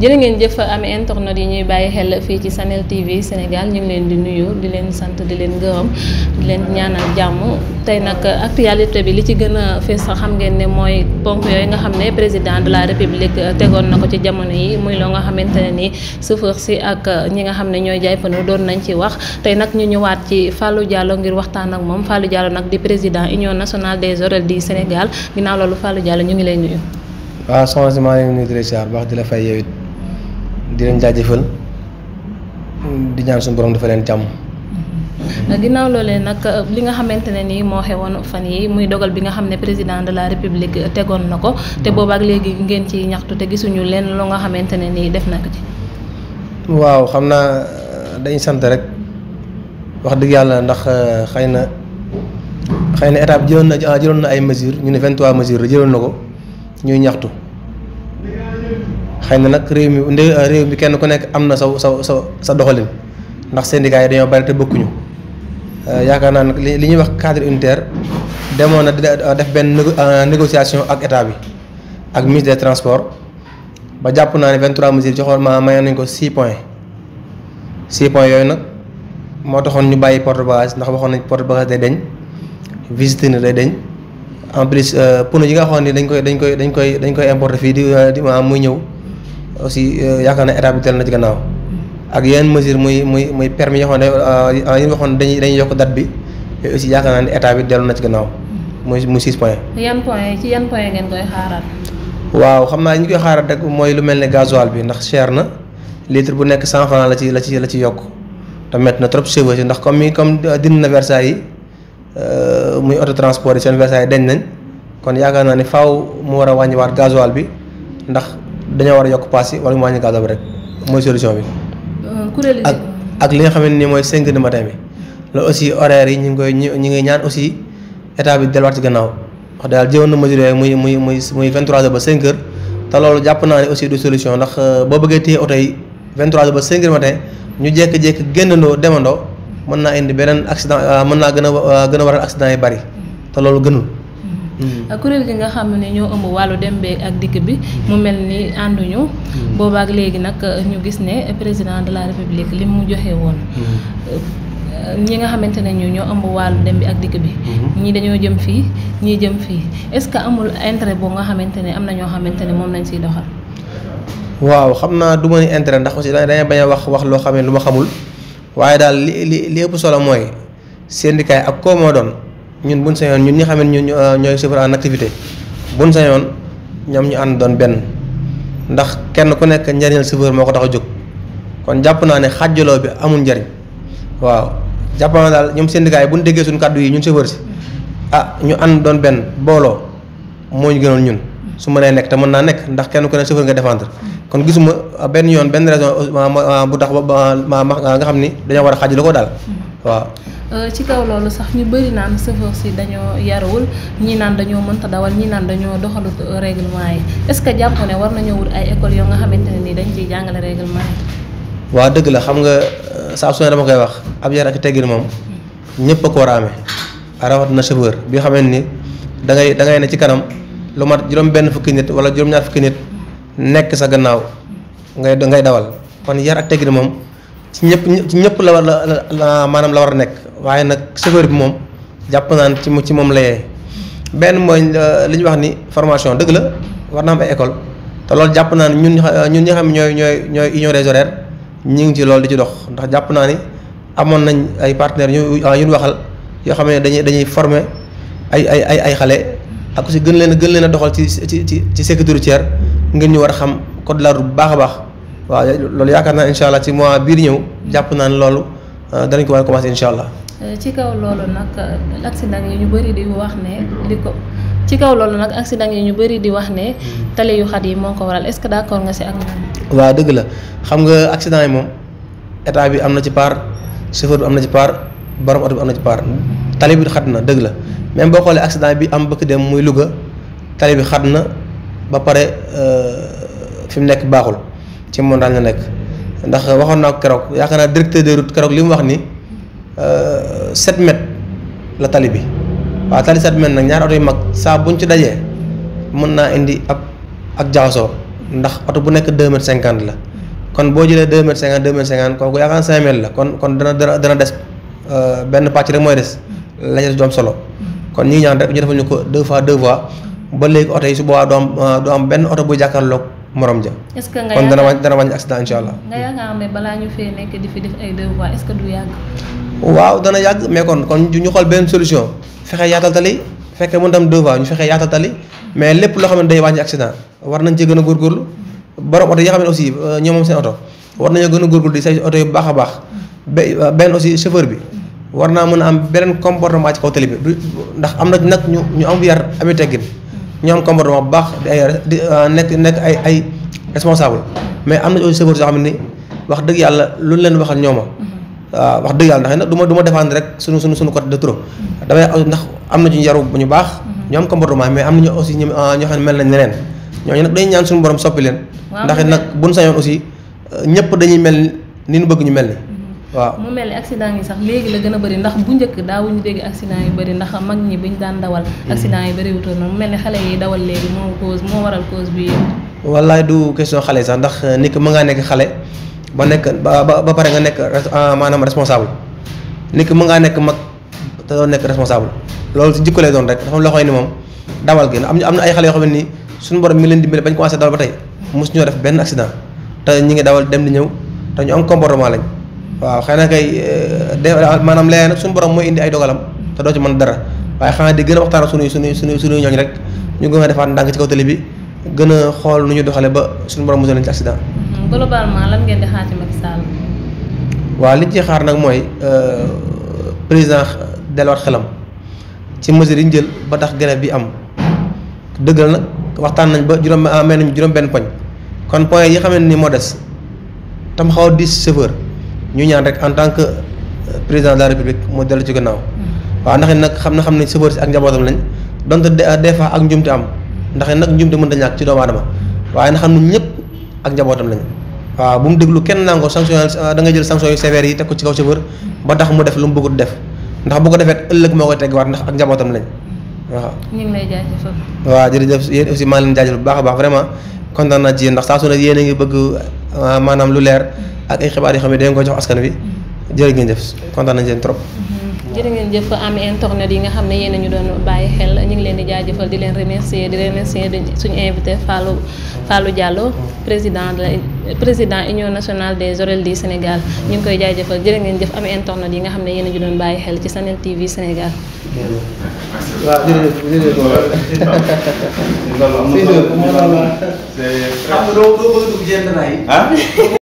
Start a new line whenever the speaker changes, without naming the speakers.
jërë ngeen jëf am internet yi ñuy bàyyi xel fii ci Sanel TV Sénégal ñu ngi leen di nuyu di leen sant di leen gërëm di leen ñaanal jàmm tey nag actualité bi li ci gën a fees xam ngeen ne mooy ponk yooyu nga xam ne président de la république euh, tegoon na ko ci jamono yi muy loo nga xamante ne nii chauffeur si ak euh, ñi nga xam ne ñooy jaay pneu doon nañ ci wax tey nag ñu ñëwaat ci Fallou Diallo ngir waxtaan ak moom Fallou Diallo nag di président union nationale des horaires Sénégal ginnaaw loolu Fallou ñu ngi leen di
ah, nuyu di la baax di la di leen jëfal di ñaan suñu borom dafa leen jàmm.
ginnaaw loole nag li nga xamante ne nii moo xewoon fan yi muy dogal bi nga xam ne président de la république tegoon na ko te booba ak léegi ngeen ci ñaxtu te gisuñu leen lu nga xamante ne nii def na ci.
waaw xam naa dañ sant rek wax dëgg yàlla ndax xëy na xëy na étape jëloon na jëloon na ay mesures ñu ne 23 mesures jëloon na ko ñuy ñaxtu. xëy na nag réew mi ndé euh, réew mi kenn ku nekk am na sa sa sa sa doxalin ndax syndicat yi dañoo bari te bëkkuñu euh, yaakaar naa nag li li ñuy wax cadre unitaire demoon na euh, def benn négociation ak état bi ak ministre de transport ba jàpp naa ne 23 mesures ci xool ma mayoon nañ ko 6 points 6 points yooyu nag moo taxoon ñu bàyyi porte bagage ndax waxoon nañ porte bagage day deñ visite ni day deñ en plus pneu yi nga xam nii dañ koy dañ koy dañ koy dañ koy importer fii di di muy ñëw. aussi euh, yaakaar na état bi teel na ci gannaaw ak yeneen mesure muy muy muy permis yoo xam ne euh, dañuy dañuy yokk date bi yooyu aussi yaakaar naa ne état bi dellu na ci gannaaw muy muy six point
yan point ci yan point ngeen koy xaaraat
waaw xam naa ñu koy xaaraat rek mooy lu mel ne gasoil bi ndax cher na litre bu nekk cent franc la ci la ci la ci yokk te métti na trop cheveux yi ndax comme comme euh, dindi na Versailles yi muy auto transport yi seen Versailles nañ kon yaakaar naa ne faaw mu war a wàññiwaat gasoil bi ndax dañoo war a yokk paas yi wala mu wàññi gaz bi rek mooy solution bi.
Euh, kuréel ak
ak li nga xamante ni mooy 5 heures du matin bi. loolu aussi horaire yi ñu ngi koy ñu ngi ñaan aussi état bi delluwaat ci gannaaw wax daal jëwoon na mesure muy muy muy muy 23 heures ba 5 te loolu jàpp naa ne aussi du solution ndax euh, boo bëggee téye oto yi 23 heures ba 5 heures matin ñu jékki-jékki génnandoo demandoo mën naa indi beneen accident euh, mën naa gën a gën a waral accident yi bari te loolu gënul.
ak mm. kuréel gi nga xam ne ñoo ëmb wàllu dem beeg ak dikk bi mu mel ni ànduñu mm. boobaak léegi nag uh, ñu gis ne président de la république li mu joxe woon mm. ñi nga xamante ne ñoo ëmb wàllu dem bi ak dikk bi mm-hmm. ñii dañoo jëm fii ñii jëm fii est-ce que amul intérêt boo nga xamante ne am na ñoo xamante ne moom nañ siy doxal
waaw xam naa du ma ni ndax aussi dañuy bañ a wax wax loo xam ne lu ma xamul waaye daal li li li ëpp solo mooy syndicat yi ak koo moo doon ñun bu buñ sañoon ñun ñi xam xamee ñu euh, ñooy chauffeur en activité buñ sañoon ñoom ñu ànd doon benn ndax kenn ku nekk njariñal chauffeur moo ko tax a jóg kon jàpp naa ne xajaloo bi amul njariñ waaw jàpp naa daal ñoom syndicat bu buñ déggee suñu kàddu yi ñun chauffeur si ah ñu ànd doon benn booloo moo ñu gënal ñun su mënee nekk te mën naa nekk ndax kenn ku ne chauffeur nga défendre kon gisuma ah, benn yoon benn raison ah, ah, bu tax ba nga xam ni dañoo war a xàjjaloo ko daal waaw.
Euh, ci kaw loolu sax ñu bëri naan chauffeur si dañoo yarawul ñi naan dañoo mënta dawal ñi naan dañoo doxalut euh, règlement yi est-ce que jàpp ne war nañoo wut ay école yoo nga xamante ne nii dañ ciy jàngale règlement yi.
waaw dëgg la xam nga euh, saa su ne dama koy wax ab yar ak teggin moom ñëpp a ko war a amee bi xamante ni da ngay da ngay ci kanam lu mat juróom fukki nit wala juróom-ñaar nekk sa gannaaw ngay ngay dawal kon yar ak moom ci ñëpp ñëpp la la maanaam la war a nekk. waaye nag chauffeur bi moom jàpp naan ci mu ci moom la yee benn mooy euh, li ñu wax ni formation dëgg la war naa am ay école te loolu jàpp naa ni ñun ñun ñi euh, xam ñooy ñooy ñooy union des ñu ngi ci lool di ci dox ndax jàpp naa ni amoon nañ ay partenaires euh, yu ñu waxal yoo xam ne dañuy dañuy former ay ay ay ay xale ak si gën leen a gën leen a doxal ci ci ci ci sécurité routière ngir ñu war a xam code de la baax a baax waaw loolu yaakaar naa incha allah ci mois biir ñëw jàpp naa ne loolu danañ ko war a
Euh, ci kaw loolu nag accident yi ñu bëri di wax ne li ko ci kaw loolu nag accident yi ñu bëri di wax ne mm. tali yu xat yi moo ko waral est-ce que d'accord nga si ak moom.
waaw dëgg la xam nga accident yi moom état bi am na ci part chauffeur bi am na ci part borom oto bi am na ci part tali bi xat na dëgg la même boo xoolee accident bi am bëkk dem muy Louga tali bi xat na ba pare euh, fi mu nekk baaxul ci montagne la nekk ndax waxoon naa ko keroog yaakaar naa directeur de route keroog li mu wax ni 7 euh, mètres la tali bi waaw tali 7 mètres nag ñaari oto yu mag saa bu ñu ci dajee mën naa indi ab ak jaxasoo ndax oto bu nekk 2 mètres cinquante la kon boo jëlee 2 mètres 50 2 mètres 50 kooku yaakaar 5 mètres la kon kon dana dana dana des euh, benn pàcc rek mooy des la des du solo kon ñi ñaan rek ñu defal ko deux fois deux fois ba léegi oto yi su boobaa euh, du am benn oto bu jàkkaarloog moroom ja. est-ce que nga kon dana wàññi dana wàññi accident incha allah.
nga yaakaar ne balaa ñu fee nekk
waaw dana yàgg mais kon kon ñu xool benn solution fexe yaatal tali fekkee mu dem deux ñu fexe yaatal tali mais lépp loo xam ne day wàññi accident war nañ ci gën a góorgóorlu borom oto yi xam ne aussi euh, ñoom moom seen oto war nañoo gën a góorgóorlu di say oto yu baax baax ba euh, benn aussi chauffeur bi war naa mën a am beneen comportement ci kaw tali bi ndax am na nag ñu ñu am yar ami teggin ñu am comportement bu baax di ay di euh, nekk nekk ay ay responsable mais am na aussi chauffeur yoo xam ne wax dëgg yàlla lu leen waxal ñooma waaw wax dëgg yàlla ndax nag du ma du ma rek suñu suñu suñu côté de trop damay ndax am na ci yaru bu ñu baax mhm. ñoom am comportement mais am nañu aussi ñu ah, ñoo xam ne mel nañ neneen ñooñu nag dañuy ñaan suñu borom soppi leen ndax nag buñ sañoon aussi euh, ñëpp dañuy mel ni nu bëgg ñu mel ni mhm. waaw
mu mel ni accident yi sax léegi la gën a bëri ndax bu njëkk daawuñu dégg accident yu bëri ndax mag ñi buñ daan dawal. Mhm. accident yi bëri wutoon na mu mel ni xale yi dawal léegi moo cause moo waral cause bi yëpp.
wallaay du question xale sax ndax euh, nit ki mën ngaa nekk xale ba nekk ba ba pare nga nekk ah, maanaam responsable nit ki mën ngaa nekk mag te doo nekk responsable loolu si jikko lay doon rek dafa am loxoy ni moom dawal gi am am na ay xale yoo ne nii suñu borom mi leen dimbale bañ commencé dawal ba tey mosu def benn accident te ñi ngi dawal dem di ñëw te ñu am comportement lañ waaw xëy na kay eh, maanaam lee nag suñu borom mooy indi ay dogalam te doo ci mën dara waaye xanaa di gën a waxtaan suñuy suñuy suñuy suñuy ñooñ rek ñu gën a defaat ndànk ci kaw télé bi gën a xool nu ñu doxale ba suñu borom mosal nañ ci accident
globalement lan
waaw li ñu xaar nag mooy euh, président delluwaat xelam ci mesures yi ñu jël ba tax grève bi am dëgg la nag waxtaan nañ ba juróom amee ah, nañ juróom-benn poñ kon point yi xam ne ni moo des tam xaw a diis chauffeur ñu ñaan rek en tant que euh, président de la république mu dellu ci gannaaw. Hmm. waaw ndax nag xam na xam ne chauffeur si ak njabootam lañ donte ah, des fois ak njumte am ndax nag njumte mënta ñàkk ci doomu aadama waaye na xam ne ñëpp ak njabootam lañ. waaw bu mu déglu kenn nango sanction ah, da nga jël sanction yu sévères yi teg ko ci kaw chauffeur ba tax mu def lu mu bëggut def ndax bu ko defee ëllëg moo koy teggewaat ndax ak njabootam lañ waaw. ñu waaw jërëjëf yéen aussi maa ngi leen bu baax a baax vraiment kontaan naa ci yéen ndax saa ne yéen a ngi bëgg ah, lu leer ak ay xibaar yoo xam ne dañ ko jox askan wi jërë ngeen jëf kontaan nañ leen trop.
Mm-hmm. jërë ngeen jëf am internet yi nga xam ne yéen ñu doon bàyyi xel ñu ngi leen di jaajëfal di leen remercier di remercier suñu invité Fallou Fallou Diallo président de président union nationale des orels du Sénégal ñu ngi koy jaajëfal jërë ngeen jëf am internet yi nga xam ne yéen a ju bàyyi xel ci Sanel TV Sénégal. waaw